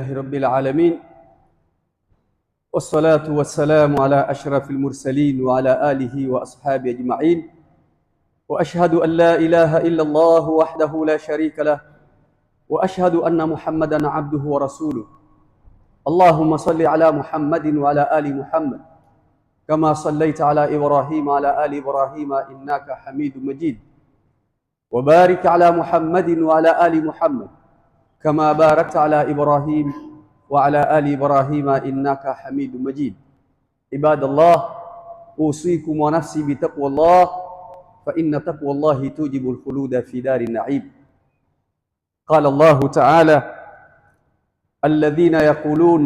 لله رب العالمين والصلاة والسلام على أشرف المرسلين وعلى آله وأصحابه أجمعين وأشهد أن لا إله إلا الله وحده لا شريك له وأشهد أن محمدا عبده ورسوله اللهم صل على محمد وعلى آل محمد كما صليت على إبراهيم وعلى آل إبراهيم إنك حميد مجيد وبارك على محمد وعلى آل محمد كما باركت على إبراهيم وعلى آل إبراهيم إنك حميد مجيد عباد الله أوصيكم ونفسي بتقوى الله فإن تقوى الله توجب الخلود في دار النعيم قال الله تعالى الذين يقولون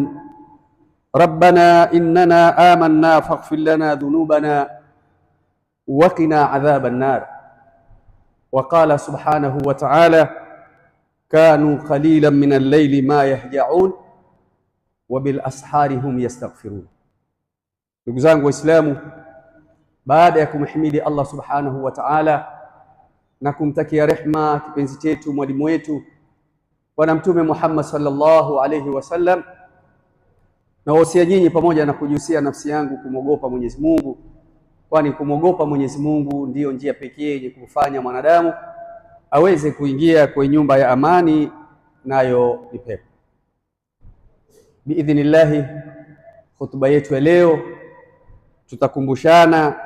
ربنا إننا آمنا فاغفر لنا ذنوبنا وقنا عذاب النار وقال سبحانه وتعالى kanu qalilan min al-layli ma yahjaun wa bil ashari hum yastaghfirun. Ndugu zangu Waislamu, baada ya kumhimidi Allah subhanahu wa ta'ala na kumtakia rehma kipenzi chetu mwalimu wetu Bwana Mtume Muhammad sallallahu alayhi wasallam, na wasia nyinyi pamoja na kujihusia nafsi yangu kumwogopa Mwenyezi Mungu, kwani kumwogopa Mwenyezi Mungu ndiyo njia pekee yenye kumfanya mwanadamu aweze kuingia kwenye nyumba ya amani, nayo ni pepo. Biidhnillahi, hotuba yetu ya leo tutakumbushana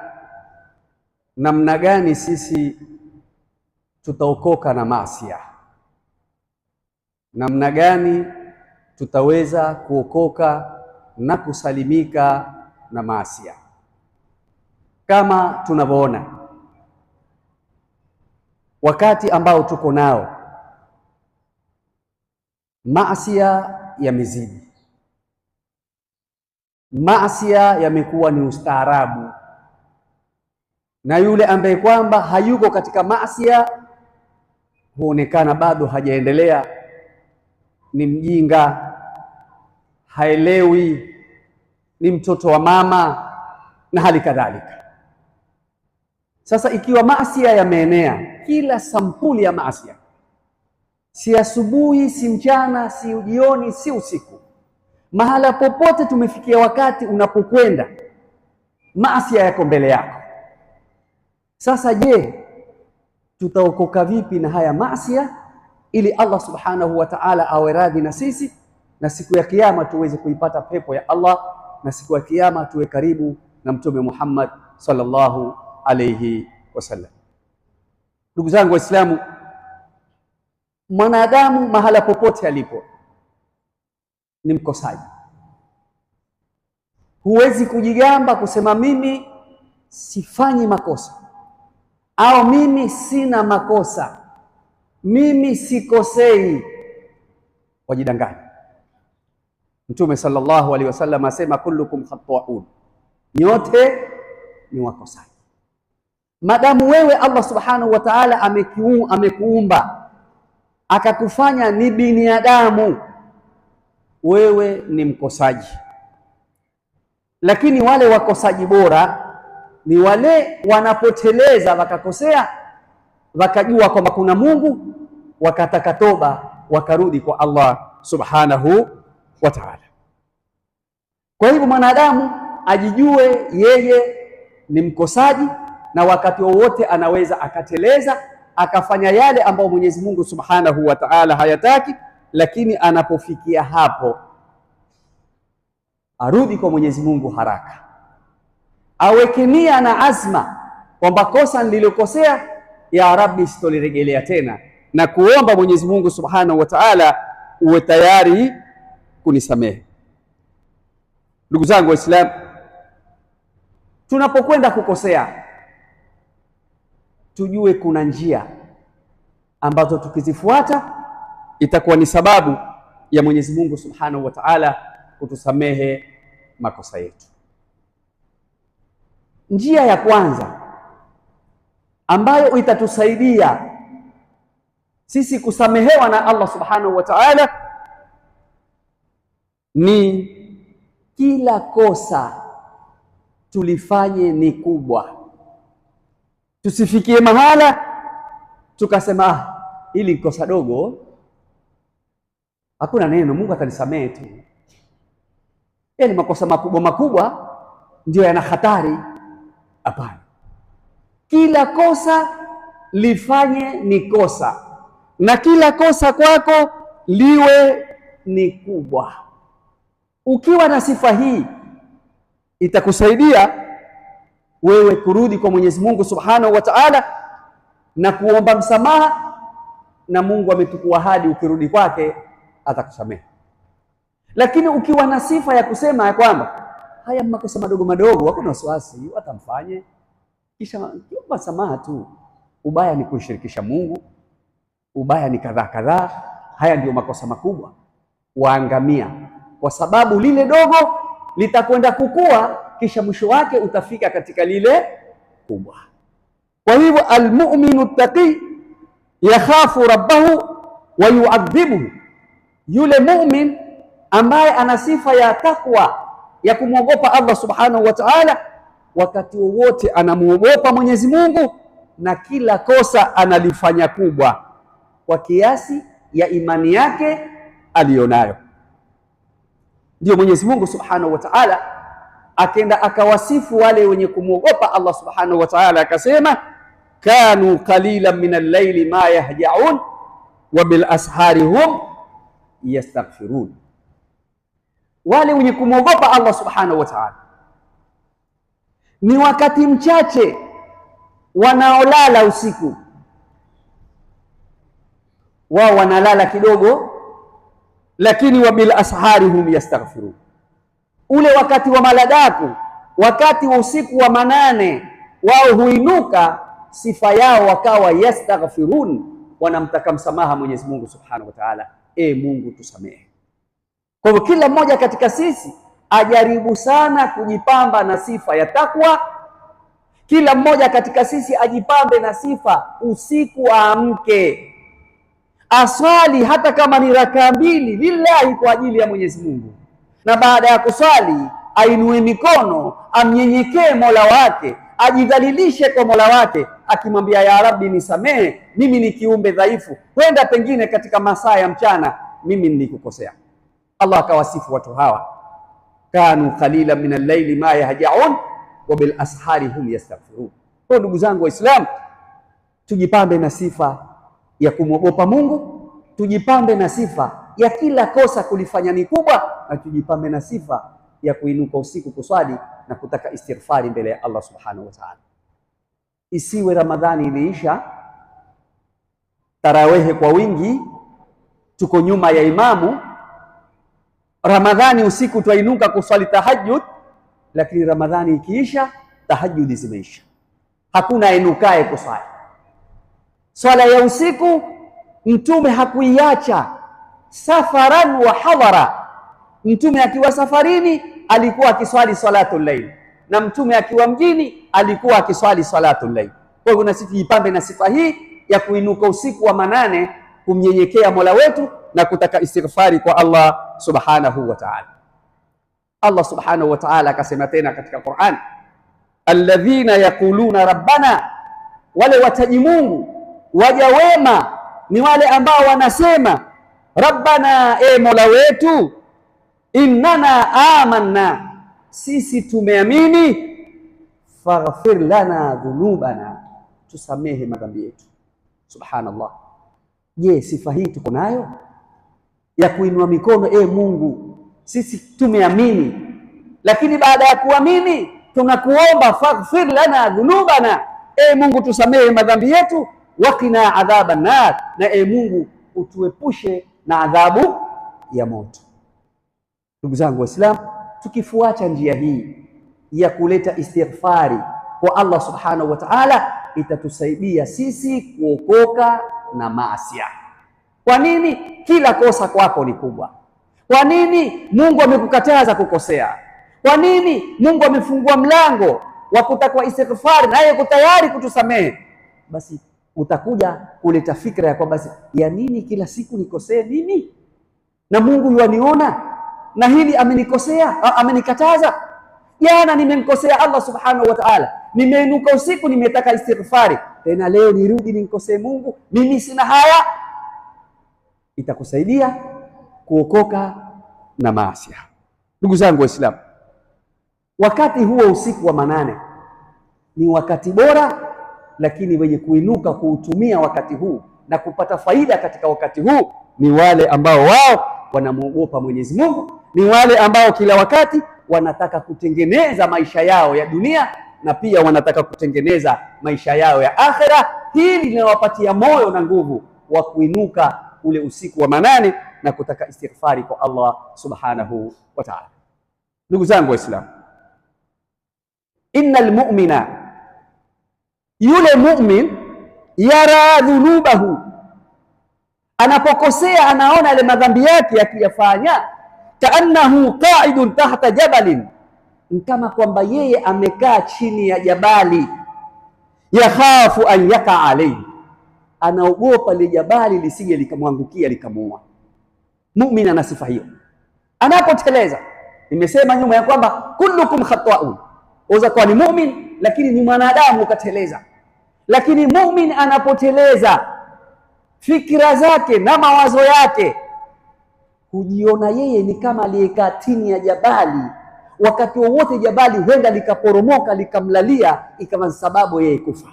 namna gani sisi tutaokoka na maasia, namna gani tutaweza kuokoka na kusalimika na maasia kama tunavyoona wakati ambao tuko nao, maasia yamezidi, maasia yamekuwa ni ustaarabu, na yule ambaye kwamba hayuko katika maasia huonekana bado hajaendelea, ni mjinga, haelewi, ni mtoto wa mama na hali kadhalika. Sasa ikiwa maasi yameenea kila sampuli ya maasi, si asubuhi, si mchana, si jioni, si usiku, mahala popote tumefikia wakati unapokwenda maasi yako mbele yako. Sasa je, tutaokoka vipi na haya maasi ili Allah subhanahu wa ta'ala awe radhi na sisi na siku ya kiyama tuweze kuipata pepo ya Allah na siku ya kiyama tuwe karibu na Mtume Muhammad sallallahu alayhi wasallam. Ndugu zangu Waislamu, mwanadamu mahala popote alipo ni mkosaji. Huwezi kujigamba kusema mimi sifanyi makosa au mimi sina makosa, mimi sikosei. Wajidanganya. Mtume sallallahu alaihi wasallam asema kullukum khatwaun, nyote ni wakosaji. Madamu wewe Allah subhanahu wa ta'ala amekuumba akakufanya ni binadamu, wewe ni mkosaji. Lakini wale wakosaji bora ni wale wanapoteleza, wakakosea, wakajua kwamba kuna Mungu, wakataka toba, wakarudi kwa Allah subhanahu wa ta'ala. Kwa hivyo mwanadamu ajijue yeye ni mkosaji na wakati wowote anaweza akateleza akafanya yale ambayo Mwenyezi Mungu Subhanahu wa Ta'ala hayataki, lakini anapofikia hapo arudi kwa Mwenyezi Mungu haraka, aweke nia na azma kwamba kosa nililokosea, ya Rabbi, sitolirejelea tena, na kuomba Mwenyezi Mungu Subhanahu wa Ta'ala uwe tayari kunisamehe. Ndugu zangu Waislamu, tunapokwenda kukosea tujue kuna njia ambazo tukizifuata itakuwa ni sababu ya Mwenyezi Mungu Subhanahu wa Ta'ala kutusamehe makosa yetu. Njia ya kwanza ambayo itatusaidia sisi kusamehewa na Allah Subhanahu wa Ta'ala ni kila kosa tulifanye ni kubwa tusifikie mahala tukasema ah, ili kosa dogo, hakuna neno, Mungu atanisamehe tu. Yaani makosa makubwa makubwa ndio yana hatari? Hapana, kila kosa lifanye ni kosa, na kila kosa kwako liwe ni kubwa. Ukiwa na sifa hii itakusaidia wewe kurudi kwa Mwenyezi Mungu Subhanahu wa Ta'ala na kuomba msamaha, na Mungu ametukua hadi ukirudi kwake atakusamehe. Lakini ukiwa na sifa ya kusema ya kwamba haya makosa madogo madogo, hakuna wasiwasi, watamfanye kisha kiomba samaha tu. Ubaya ni kushirikisha Mungu, ubaya ni kadhaa kadhaa. Haya ndiyo makosa makubwa, waangamia, kwa sababu lile dogo litakwenda kukua kisha mwisho wake utafika katika lile kubwa. Kwa hivyo almu'minu taqi yakhafu rabbahu wa yu'adhibuhu, yule mu'min ambaye ana sifa ya takwa ya kumwogopa Allah subhanahu wa ta'ala, wakati wowote anamwogopa Mwenyezi Mungu na kila kosa analifanya kubwa kwa kiasi ya imani yake aliyonayo. Ndiyo Mwenyezi Mungu subhanahu wa ta'ala akenda akawasifu wale wenye kumwogopa Allah subhanahu wa ta'ala, akasema kanu qalila min al-layli ma yahjaun wa bil ashari hum yastaghfirun, wale wenye kumwogopa Allah subhanahu wa ta'ala ni wakati mchache wanaolala usiku, wao wanalala kidogo, lakini wa bil ashari hum yastaghfirun ule wakati wa maladaku, wakati wa usiku wa manane, wao huinuka, sifa yao wakawa yastaghfirun, wanamtaka msamaha Mwenyezi Mungu Subhanahu wa Ta'ala, e Mungu tusamehe. Kwa hivyo kila mmoja katika sisi ajaribu sana kujipamba na sifa ya takwa. Kila mmoja katika sisi ajipambe na sifa, usiku aamke, aswali hata kama ni rakaa mbili lillahi, kwa ajili ya Mwenyezi Mungu na baada ya kuswali ainue mikono, amnyenyekee mola wake, ajidhalilishe kwa mola wake, akimwambia ya Rabbi, nisamehe, mimi ni kiumbe dhaifu, kwenda pengine katika masaa ya mchana mimi nilikukosea. Allah akawasifu watu hawa, kanu qalila min al-laili ma yahjaun wa bil ashari hum yastaghfirun. Kwa ndugu zangu Waislamu, tujipambe na sifa ya kumwogopa Mungu, tujipambe na sifa ya kila kosa kulifanya ni kubwa atujipambe na sifa ya kuinuka usiku kuswali na kutaka istighfari mbele ya Allah subhanahu wa ta'ala. Isiwe Ramadhani iliisha, tarawehe kwa wingi, tuko nyuma ya imamu. Ramadhani usiku twainuka kuswali tahajjud, lakini Ramadhani ikiisha tahajjudi zimeisha, hakuna ainukaye kuswali swala ya usiku. Mtume hakuiacha safaran wa hadhara Mtume akiwa safarini alikuwa akiswali salatu layl, na mtume akiwa mjini alikuwa akiswali salatu layl. Kwa hivyo na sisi tujipambe na sifa hii ya kuinuka usiku wa manane kumnyenyekea Mola wetu na kutaka istighfari kwa Allah subhanahu wa ta'ala. Allah subhanahu wa ta'ala akasema tena katika Qur'an, alladhina yaquluna rabbana, wale wataji Mungu waja wema ni wale ambao wanasema rabbana, e Mola wetu innana amanna, sisi tumeamini. Faghfir lana dhunubana, tusamehe madhambi yetu. Subhanallah. Je, sifa hii tuko nayo ya kuinua mikono? E Mungu, sisi tumeamini, lakini baada ya kuamini tunakuomba faghfir lana dhunubana, e Mungu tusamehe madhambi yetu. Wakina adhaban nar, na e Mungu utuepushe na adhabu ya moto. Ndugu zangu Waislamu, tukifuata njia hii ya kuleta istighfari kwa Allah subhanahu wa ta'ala, itatusaidia sisi kuokoka na maasi. Kwa nini kila kosa kwako ni kubwa? Kwa nini Mungu amekukataza kukosea? Kwa nini Mungu amefungua mlango wa kutakwa istighfari na yeye tayari kutusamehe? Basi utakuja kuleta fikra ya kwamba ya nini kila siku nikosee mimi na Mungu yuaniona na hili amenikosea, amenikataza. Jana nimemkosea Allah subhanahu wa ta'ala, nimeinuka usiku, nimetaka istighfari, tena leo nirudi nimkosee Mungu, mimi sina haya. Itakusaidia kuokoka na maasia. Ndugu zangu Waislamu, wakati huo usiku wa manane ni wakati bora, lakini wenye kuinuka kuutumia wakati huu na kupata faida katika wakati huu ni wale ambao wao wanamwogopa Mwenyezi Mungu ni wale ambao kila wakati wanataka kutengeneza maisha yao ya dunia na pia wanataka kutengeneza maisha yao ya akhera. Hili linawapatia moyo na nguvu wa kuinuka ule usiku wa manane na kutaka istighfari kwa Allah subhanahu wa ta'ala. Ndugu zangu Waislamu, innal mu'mina, yule mu'min yara dhunubahu, anapokosea anaona yale madhambi yake akiyafanya kaannahu qaidun tahta jabalin, kama kwamba yeye amekaa chini ya jabali. Yakhafu an yaka alayhi, anaogopa li jabali lisije likamwangukia likamuua. Mumin ana sifa hiyo anapoteleza. Nimesema nyuma ya kwamba kullukum khataun, uza kuwa ni mumin lakini ni mwanadamu ukateleza. Lakini mumin anapoteleza fikira zake na mawazo yake hujiona yeye ni kama aliyekaa chini ya jabali, wakati wowote jabali huenda likaporomoka likamlalia, ikawa sababu yeye kufa.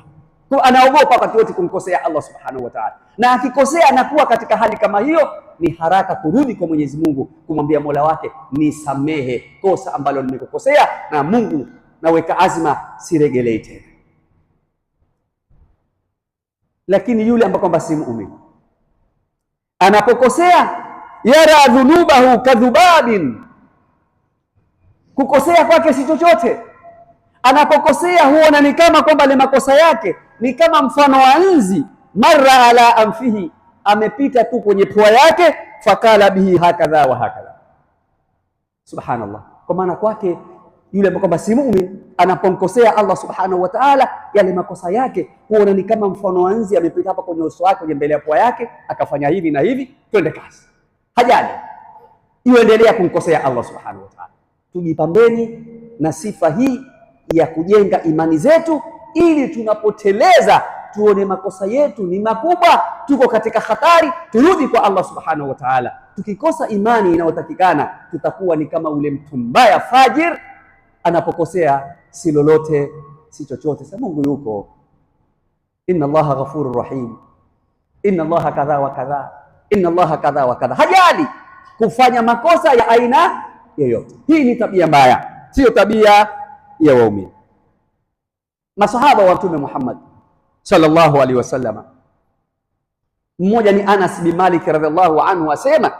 Kwa anaogopa wakati wote kumkosea Allah subhanahu wa ta'ala, na akikosea anakuwa katika hali kama hiyo, ni haraka kurudi kwa Mwenyezi Mungu kumwambia Mola wake, nisamehe kosa ambalo nimekukosea, na Mungu naweka azma siregelei tena. Lakini yule ambaye kwamba si muumini anapokosea yara dhunubahu kadhubabin, kukosea kwake si chochote. Anapokosea huona ni kama kwamba ile makosa yake ni kama mfano wa nzi, mara ala amfihi, amepita tu kwenye pua yake, fakala bihi hakadha wa hakadha. Subhanallah, kwa maana kwake yule kwamba si muumini anapomkosea Allah subhanahu wa ta'ala, yale makosa yake huona ni kama mfano wa nzi amepita hapa kwenye uso wake, kwenye mbele ya pua yake, akafanya hivi na hivi, twende kazi hajali, yuendelea kumkosea Allah subhanahu wa ta'ala. Tujipambeni na sifa hii ya kujenga imani zetu, ili tunapoteleza tuone makosa yetu ni makubwa, tuko katika hatari, turudi kwa Allah subhanahu wa ta'ala. Tukikosa imani inayotakikana tutakuwa ni kama ule mtu mbaya fajir, anapokosea si lolote si chochote, sa Mungu yuko, inna Allaha ghafurur rahim, inna Allaha kadha wa kadha inna Allaha kadha wa kadha, hajali kufanya makosa ya aina yoyote. Hii ni tabia mbaya, siyo tabia ya waumini. Masahaba wa Mtume Muhammad sallallahu alaihi wasallam, mmoja ni Anas bin Malik radhiallahu anhu asema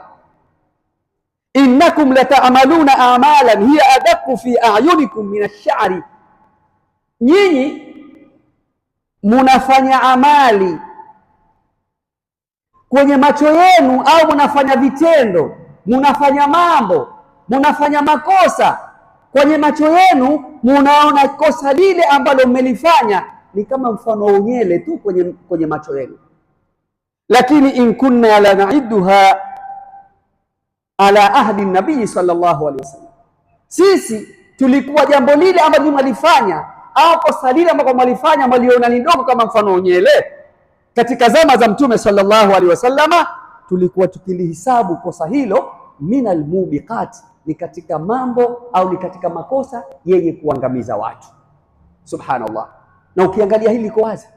innakum lataamaluna amalan hiya adaqu fi ayunikum min ash-sha'ri, nyinyi munafanya amali kwenye macho yenu, au mnafanya vitendo, mnafanya mambo, mnafanya makosa kwenye macho yenu, munaona kosa lile ambalo mmelifanya ni kama mfano wa unyele tu kwenye, kwenye macho yenu. Lakini in kunna la ala ahdi nabii sallallahu alaihi wasallam, sisi tulikuwa jambo lile ambalo mwalifanya au kosa lile ambalo mwalifanya mwaliona ni dogo kama mfano wa unyele katika zama za Mtume sallallahu alaihi wasallama tulikuwa tukilihisabu kosa hilo minal mubiqat, ni katika mambo au ni katika makosa yenye kuangamiza watu. Subhanallah. Na ukiangalia hili liko wazi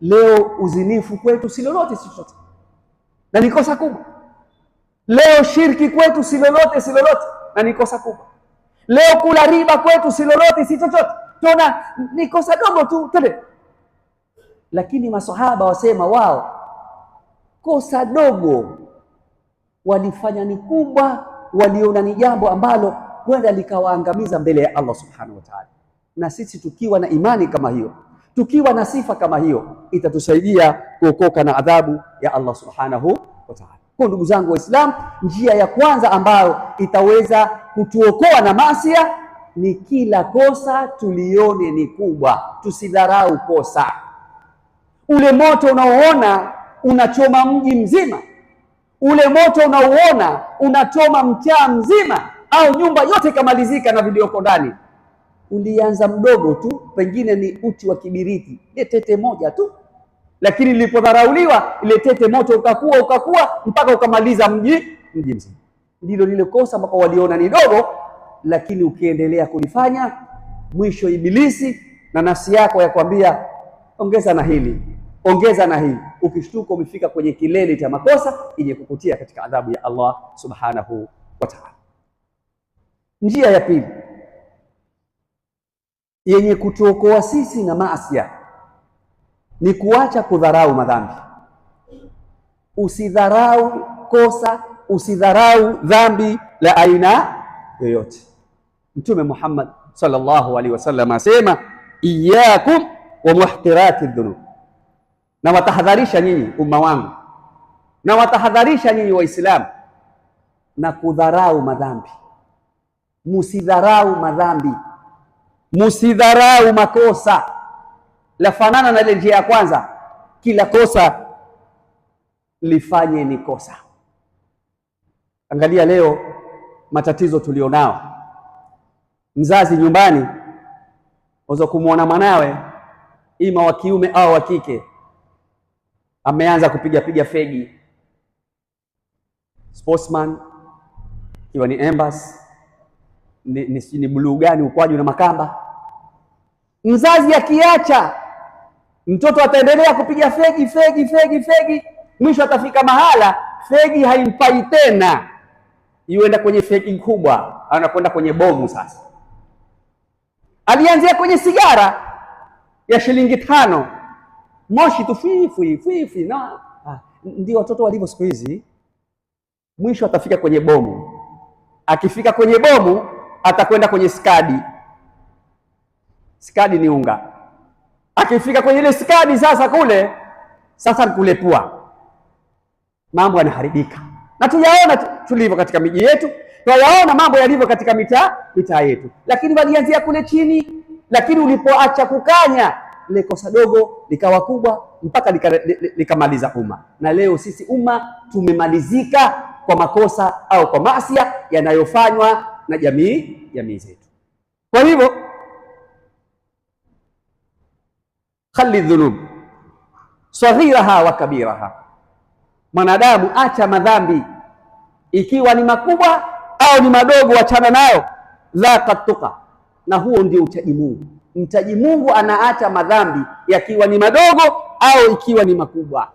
leo, uzinifu kwetu si lolote si chochote, na ni kosa kubwa. Leo shirki kwetu si lolote si lolote, na ni kosa kubwa. Leo kula riba kwetu si lolote si chochote, tuna ni kosa dogo tu tele lakini masahaba wasema wao kosa dogo walifanya ni kubwa, waliona ni jambo ambalo kwenda likawaangamiza mbele ya Allah subhanahu wa ta'ala. Na sisi tukiwa na imani kama hiyo, tukiwa na sifa kama hiyo, itatusaidia kuokoka na adhabu ya Allah subhanahu wa ta'ala. Kwa ndugu zangu waislam njia ya kwanza ambayo itaweza kutuokoa na masia ni kila kosa tulione ni kubwa, tusidharau kosa. Ule moto unaoona unachoma mji mzima, ule moto unaoona unachoma mtaa mzima, au nyumba yote ikamalizika na vilioko ndani. Ulianza mdogo tu, pengine ni uti wa kibiriti, ile tete moja tu, lakini lilipodharauliwa ile tete, moto ukakua ukakua mpaka ukamaliza mji mji mzima. Ndilo lile kosa ambapo waliona ni dogo, lakini ukiendelea kulifanya, mwisho Ibilisi na nafsi yako yakwambia ongeza na hili, ongeza na hili. Ukishtuka umefika kwenye kilele cha makosa yenye kukutia katika adhabu ya Allah subhanahu wa ta'ala. Njia ya pili yenye kutuokoa sisi na maasi ni kuacha kudharau madhambi. Usidharau kosa, usidharau dhambi la aina yoyote. Mtume Muhammad sallallahu alaihi wasallam asema iyyakum wa muhtirati dhunub, na watahadharisha nyinyi umma wangu, na watahadharisha nyinyi Waislamu na kudharau madhambi. Musidharau madhambi, musidharau makosa. Lafanana na ile njia ya kwanza, kila kosa lifanye ni kosa. Angalia leo matatizo tulionao, mzazi nyumbani waweza kumwona mwanawe ima wa kiume au wa kike, ameanza kupigapiga fegi sportsman, ikiwa ni embers ni, ni, ni bluu gani, ukwaju na makamba. Mzazi akiacha mtoto ataendelea kupiga fegi fegi fegi fegi, mwisho atafika mahala fegi haimpai tena, yuenda kwenye fegi kubwa, anakwenda kwenye bomu. Sasa alianzia kwenye sigara ya shilingi tano, moshi tu fifi fifi Na ah, ndio watoto walivyo siku hizi. Mwisho atafika kwenye bomu, akifika kwenye bomu atakwenda kwenye skadi. Skadi ni unga, akifika kwenye ile skadi sasa kule sasa nikulepua, mambo yanaharibika, na tuyaona tulivyo katika miji yetu, tuyaona mambo yalivyo katika mitaa mitaa yetu, lakini walianzia kule chini lakini ulipoacha kukanya ile kosa dogo likawa kubwa mpaka likamaliza lika umma. Na leo sisi umma tumemalizika kwa makosa au kwa maasi yanayofanywa na jamii jamii zetu. Kwa hivyo khali dhunub saghiraha wa kabiraha, mwanadamu acha madhambi ikiwa ni makubwa au ni madogo, achana nayo. dhaqat tuqa na huo ndio mchaji Mungu. Mchaji Mungu anaacha madhambi yakiwa ni madogo au ikiwa ni makubwa.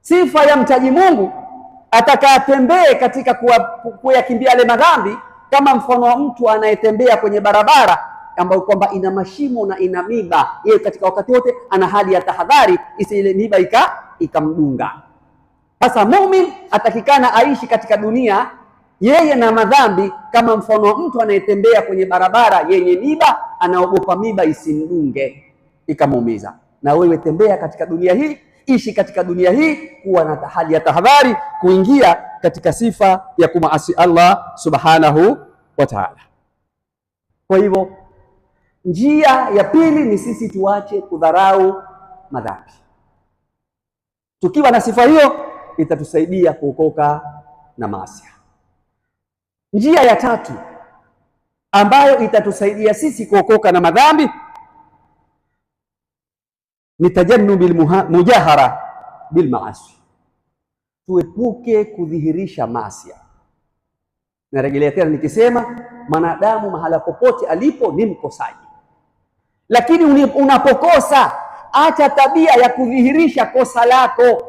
Sifa ya mchaji Mungu atakayetembee katika kuyakimbia yale madhambi, kama mfano wa mtu anayetembea kwenye barabara ambayo kwamba ina mashimo na ina miba. Yeye katika wakati wote ana hali ya tahadhari isi ile miba ikamdunga ika. Sasa muumini atakikana aishi katika dunia yeye na madhambi, kama mfano mtu anayetembea kwenye barabara yenye miba, anaogopa miba isimdunge ikamuumiza. Na wewe tembea katika dunia hii, ishi katika dunia hii, kuwa na hali ya tahadhari, kuingia katika sifa ya kumaasi Allah subhanahu wa ta'ala. Kwa hivyo njia ya pili ni sisi tuache kudharau madhambi. Tukiwa na sifa hiyo, itatusaidia kuokoka na maasi. Njia ya tatu ambayo itatusaidia sisi kuokoka na madhambi ni tajannubi mujahara bil maasi, tuepuke kudhihirisha maasi. Narejelea tena nikisema, mwanadamu mahala popote alipo ni mkosaji, lakini unapokosa acha tabia ya kudhihirisha kosa lako.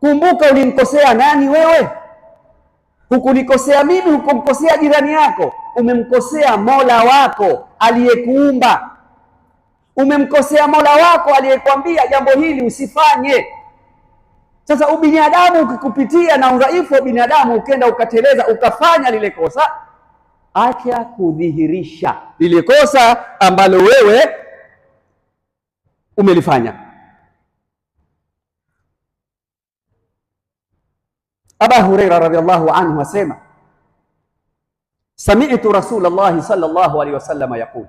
Kumbuka ulimkosea nani wewe? Hukunikosea mimi, hukumkosea jirani yako, umemkosea Mola wako aliyekuumba, umemkosea Mola wako aliyekwambia jambo hili usifanye. Sasa ubinadamu ukikupitia na udhaifu wa binadamu, ukenda ukateleza ukafanya lile kosa, acha kudhihirisha lile kosa ambalo wewe umelifanya. Aba Huraira radhiallahu anhu asema sami'tu Rasulullahi sallallahu alaihi wasallam yaqul,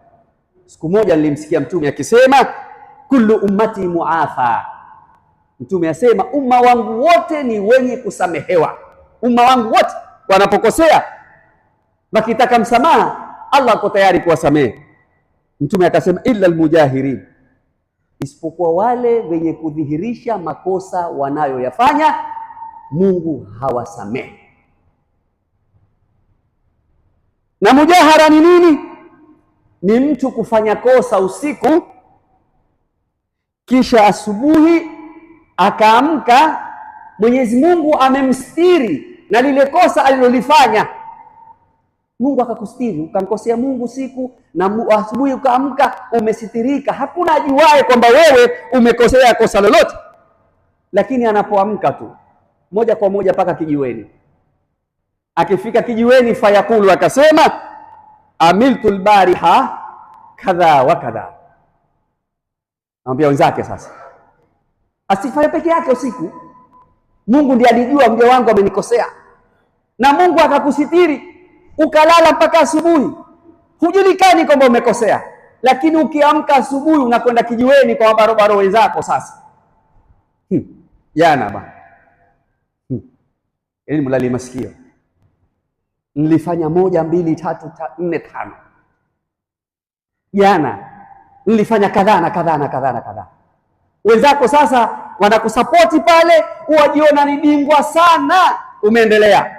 siku moja nilimsikia mtume akisema kullu ummati muafa. Mtume asema umma wangu wote ni wenye kusamehewa. Umma wangu wote wanapokosea, wakitaka msamaha, Allah ako tayari kuwasamehe. Mtume akasema illa almujahirin, isipokuwa wale wenye kudhihirisha makosa wanayoyafanya Mungu hawasamehe. Na mujahara ni nini? Ni mtu kufanya kosa usiku kisha asubuhi akaamka, Mwenyezi Mungu amemstiri na lile kosa alilolifanya. Mungu akakustiri, ukamkosea Mungu siku na asubuhi ukaamka umesitirika. Hakuna ajuaye kwamba wewe umekosea kosa lolote, lakini anapoamka tu moja kwa moja mpaka kijiweni. Akifika kijiweni, fayakulu, akasema amiltu lbariha kadha wa kadha. Anamwambia wenzake sasa, asifanye peke yake usiku. Mungu ndiye alijua mja wangu amenikosea, na Mungu akakusitiri ukalala mpaka asubuhi, hujulikani kwamba umekosea, lakini ukiamka asubuhi unakwenda kijiweni kwa barobaro wenzako. Sasa hmm. jana hmm, bana Yaani mlalie masikio, nilifanya moja mbili tatu ta, nne tano jana, nilifanya kadhaa na kadhaa na kadhaa na kadhaa. Wenzako sasa wanakusapoti pale, wajiona ni bingwa sana, umeendelea.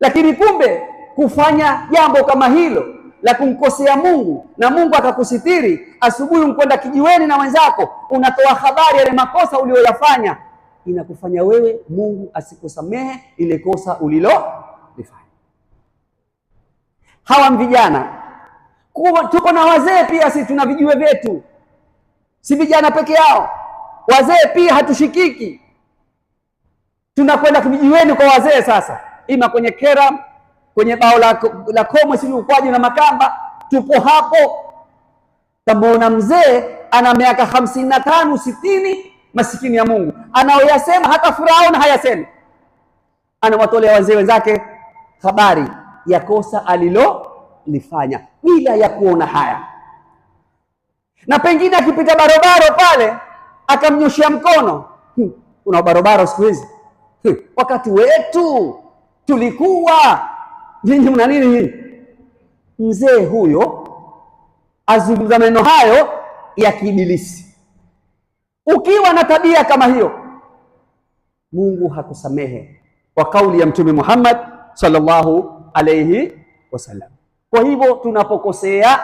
Lakini kumbe kufanya jambo kama hilo la kumkosea Mungu na Mungu akakusitiri, asubuhi unkwenda kijiweni na wenzako, unatoa habari yale makosa uliyoyafanya, inakufanya wewe Mungu asikusamehe ile kosa lifanya. Hawa vijana kuwa, tuko na wazee pia, si tuna vijue vyetu, si vijana peke yao. Wazee pia hatushikiki, tunakwenda vijiweni kwa wazee sasa, ima kwenye kera, kwenye bao la, la komwe, sijui ukwaji na makamba, tupo hapo. Tamwona mzee ana miaka hamsini na tano sitini masikini ya Mungu, anaoyasema hata Firauni hayasemi anawatolea wazee wenzake habari ya kosa alilolifanya bila ya kuona haya, na pengine akipita barobaro pale akamnyoshia mkono. Hmm, una barobaro siku hizi hmm. Wakati wetu tulikuwa nyinyi, mna nini nyinyi? Mzee huyo azungumza maneno hayo ya kibilisi ukiwa na tabia kama hiyo, Mungu hakusamehe, kwa kauli ya Mtume Muhammad sallallahu alayhi wasallam. Kwa hivyo tunapokosea,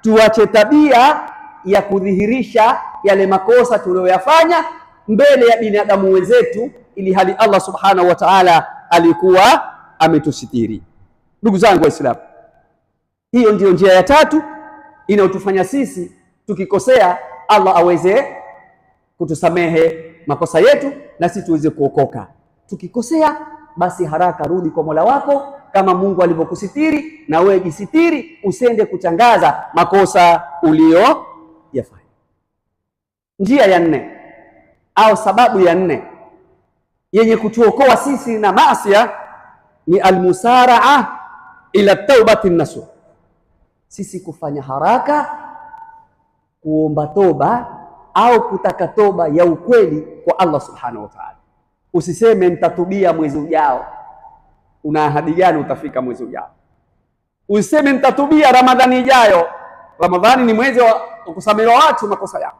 tuache tabia ya kudhihirisha yale makosa tuliyoyafanya mbele ya binadamu wenzetu, ili hali Allah subhanahu wa ta'ala alikuwa ametusitiri. Ndugu zangu Waislamu, hiyo ndiyo njia ya tatu inayotufanya sisi tukikosea Allah aweze kutusamehe makosa yetu na sisi tuweze kuokoka. Tukikosea basi haraka rudi kwa Mola wako kama Mungu alivyokusitiri, na wewe jisitiri, usende kutangaza makosa yafanya Njia ya nne au sababu ya nne yenye kutuokoa sisi na maasi ni almusaraa ila taubati nasu sisi kufanya haraka kuomba toba au kutaka toba ya ukweli kwa Allah subhanahu wa ta'ala. Usiseme nitatubia mwezi ujao, una ahadi gani utafika mwezi ujao? Usiseme nitatubia Ramadhani ijayo. Ramadhani ni mwezi wa kusamehewa watu makosa yao.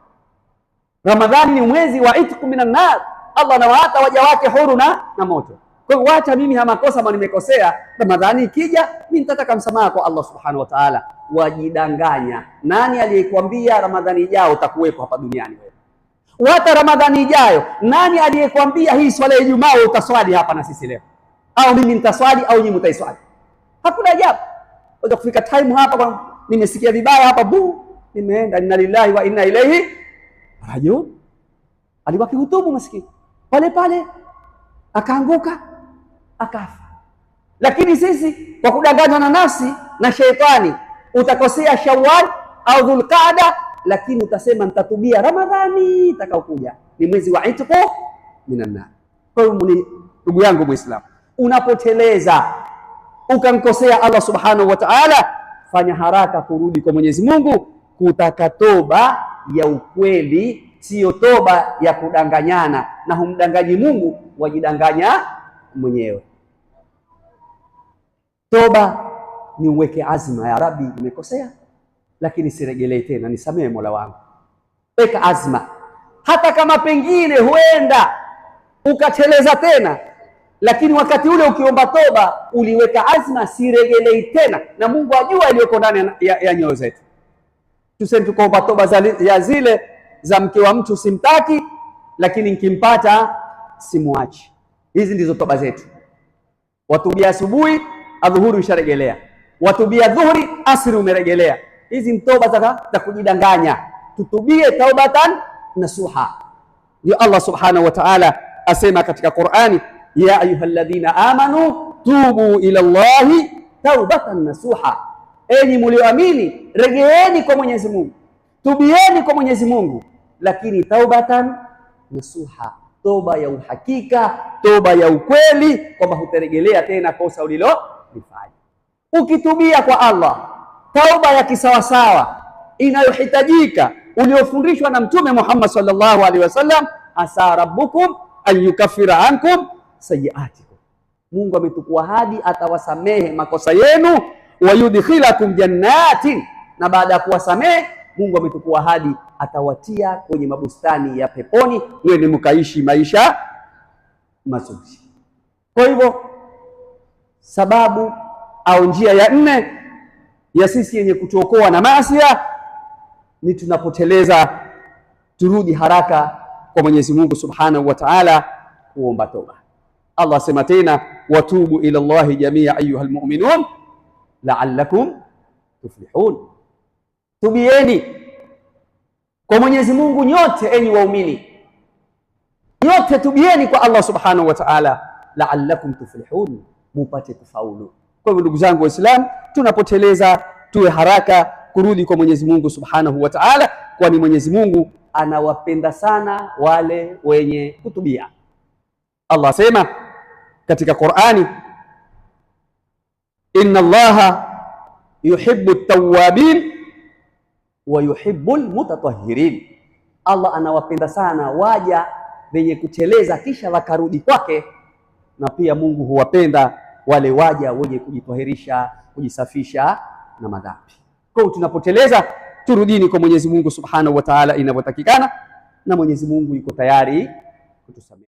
Ramadhani ni mwezi wa itqu minan nar, Allah anawaata waja wake huru na na moto. Kwa hiyo wacha mimi ha makosa ambayo nimekosea, Ramadhani ikija mimi nitataka msamaha kwa Allah subhanahu wa ta'ala wajidanganya. Nani aliyekwambia Ramadhani ijayo utakuwepo hapa duniani wewe? Wata Ramadhani ijayo, nani aliyekwambia hii swala ya Ijumaa utaswali hapa na sisi leo, au mimi nitaswali au nyinyi mtaiswali? Hakuna ajabu kuja kufika time hapa kwa nimesikia vibaya hapa bu, nimeenda inna lillahi wa inna ilaihi rajiun. Alikuwa akihutubu maskini pale pale, akaanguka akafa. Lakini sisi kwa kudanganywa na nafsi na sheitani utakosea Shawwal au Dhulqaada, lakini utasema nitatubia Ramadhani itakaokuja, ni mwezi wa itqu minanna Kwa hiyo ndugu yangu Muislamu, unapoteleza ukamkosea Allah subhanahu wa ta'ala, fanya haraka kurudi kwa Mwenyezi Mungu kutaka toba ya ukweli, siyo toba ya kudanganyana, na humdanganyi Mungu, wajidanganya mwenyewe. Toba ni uweke azma ya Rabbi, nimekosea lakini siregelee tena, nisamehe Mola wangu. Weka azma, hata kama pengine huenda ukateleza tena, lakini wakati ule ukiomba toba uliweka azma, siregelei tena, na Mungu ajua iliyoko ndani ya, ya, nyoyo zetu. Tuseme tukaomba toba za, ya zile za mke wa mtu simtaki, lakini nikimpata simuachi. Hizi ndizo toba zetu. Watubia asubuhi, adhuhuri usharegelea watubia dhuhuri, asri umerejelea. Hizi ni toba za kujidanganya, tutubie taubatan nasuha. Ndio Allah subhanahu wa ta'ala asema katika Qur'ani, ya ayyuhalladhina amanu tubu ila Allahi taubatan nasuha, enyi mulioamini regeeni kwa Mwenyezi Mungu, tubieni kwa Mwenyezi Mungu, lakini taubatan nasuha toba ya uhakika, toba ya ukweli, kwamba hutaregelea tena kosa ulilo lifanya. Ukitubia kwa Allah tauba ya kisawasawa inayohitajika uliofundishwa na Mtume Muhammad sallallahu alaihi wasallam, asa rabbukum an yukaffira ankum sayiatikum, Mungu ametukua hadi atawasamehe makosa yenu, wayudkhilakum jannatin, na baada ya kuwasamehe Mungu ametukua hadi atawatia kwenye mabustani ya peponi, mweni mkaishi maisha mazuri. Kwa hivyo sababu au njia ya nne ya sisi yenye kutuokoa na maasia ni tunapoteleza, turudi haraka kwa Mwenyezi Mungu Subhanahu wa Ta'ala kuomba toba. Allah asema tena, watubu ila Allahi jamia ayuha almu'minun la'allakum tuflihun, tubieni kwa Mwenyezi Mungu nyote, enyi waumini nyote, tubieni kwa Allah Subhanahu wa Ta'ala la'allakum tuflihun, mupate kufaulu. Kwa hivyo ndugu zangu Waislamu, tunapoteleza tuwe haraka kurudi kwa Mwenyezi Mungu Subhanahu wa Ta'ala, kwani Mwenyezi Mungu anawapenda sana wale wenye kutubia. Allah asema katika Qur'ani, inna Allaha yuhibbu at-tawwabin wa yuhibbul mutatahhirin, Allah anawapenda sana waja wenye kuteleza kisha wakarudi kwake, na pia Mungu huwapenda wale waja wenye kujitwahirisha, kujisafisha na madhambi. Kwa hiyo tunapoteleza, turudini kwa Mwenyezi Mungu Subhanahu wa Ta'ala inavyotakikana, na Mwenyezi Mungu yuko tayari kutusamehe.